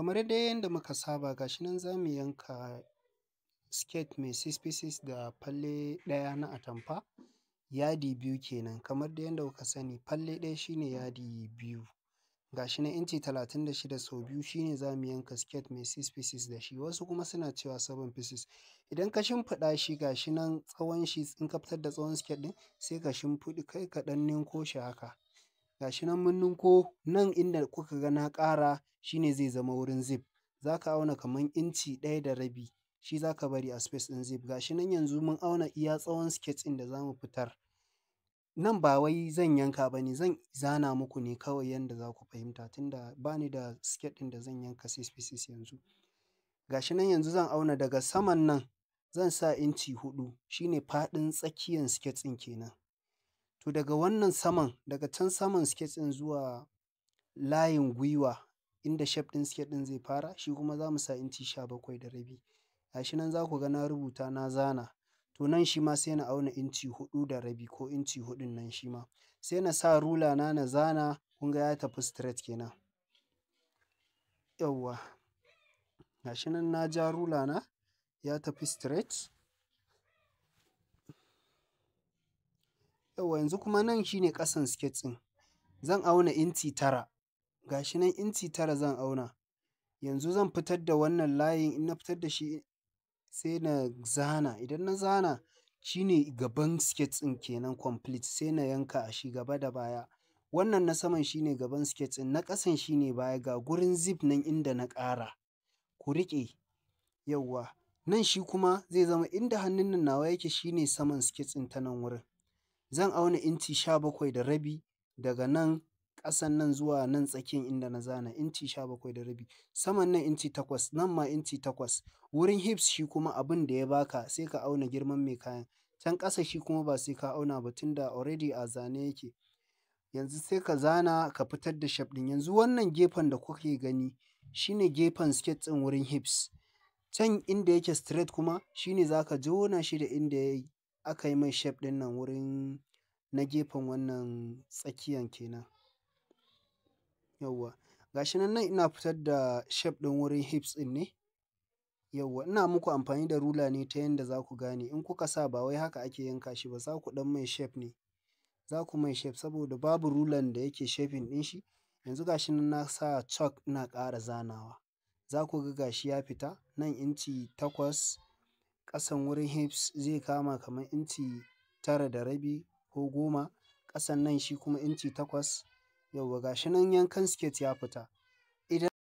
Kamar dai yadda muka saba gashinan nan za mu yanka siket mai six pieces da falle ɗaya na atamfa, yadi biyu kenan kamar dai yadda kuka sani falle ɗaya shine yadi biyu. gashi nan inci talatin da shida sau biyu shine za mu yanka siket mai six pieces da shi, wasu kuma suna cewa seven pieces. Idan ka shimfiɗa shi gashi nan tsawon shi in ka fitar da tsawon siket ɗin sai ka shimfiɗi kai kaɗan ninko shi haka. gashi nan mun ninko nan inda kuka ga na ƙara shine zai zama wurin zip zaka auna kaman inci ɗaya da rabi shi zaka bari a space ɗin zip gashi nan yanzu mun auna iya tsawon sketch ɗin da zamu fitar nan ba wai zan yanka ba ne zan zana muku ne kawai yanda za ku fahimta tunda ba ni da sketch ɗin da zan yanka six pieces yanzu gashi nan yanzu zan auna daga saman nan zan sa inci huɗu shine faɗin tsakiyan sketch ɗin kenan to daga wannan saman daga can saman suke ɗin zuwa layin gwiwa inda shef ɗin suke ɗin zai fara shi kuma za mu sa inci sha bakwai da rabi shi nan za ku ga na rubuta na zana to nan shi ma sai na auna inci huɗu da rabi ko inci huɗun nan shi ma sai na sa rula na na zana kun ya tafi straight kenan yawwa shi nan na ja rula na ya tafi straight yauwa yanzu kuma nan shine ƙasan siket ɗin. Zan auna inci tara. Ga nan inci tara zan auna. Yanzu zan fitar da wannan layin in na fitar da shi sai na zana. Idan na zana shine gaban siket ɗin kenan complete sai na yanka a shi gaba da baya. Wannan na saman shine gaban siket ɗin, na ƙasan shine baya ga gurin zip nan inda na ƙara. Ku riƙe yauwa. Nan shi kuma zai zama inda hannun nan nawa yake shine saman siket ɗin ta nan wurin. Zan auna inci sha bakwai da rabi daga nan ƙasan nan zuwa nan tsakin inda na zana inci sha bakwai da rabi, saman nan inci takwas, nan ma inci takwas. Wurin hips shi kuma abin da ya baka sai ka auna girman mai kayan. Can ƙasa shi kuma ba sai ka auna ba tun da already a zane yake. Yanzu sai ka zana ka fitar da shaf ɗin. Yanzu wannan gefen da kuke gani shine gefen siket ɗin wurin hips. Can inda yake straight kuma shine zaka jona shi da inda yayi. aka yi mai shef ɗin nan wurin na gefen wannan tsakiyan kenan. Yauwa, ga nan nan ina fitar da shef ɗin wurin hips ɗin ne. Yauwa, ina muku amfani da rula ne ta yanda za ku gane. In kuka sa ba wai haka ake yanka shi ba, za ku ɗan mai shef ne. Za ku mai shef saboda babu rulan da yake shefin ɗin shi. Yanzu gashi shi nan na sa chalk ina ƙara zanawa. Za ku ga gashi ya fita, nan inci takwas. ƙasan wurin hips zai kama kaman inci tara da rabi ko goma, ƙasan nan shi kuma inci takwas. Yauwa gashi shi nan yankan siket ya fita.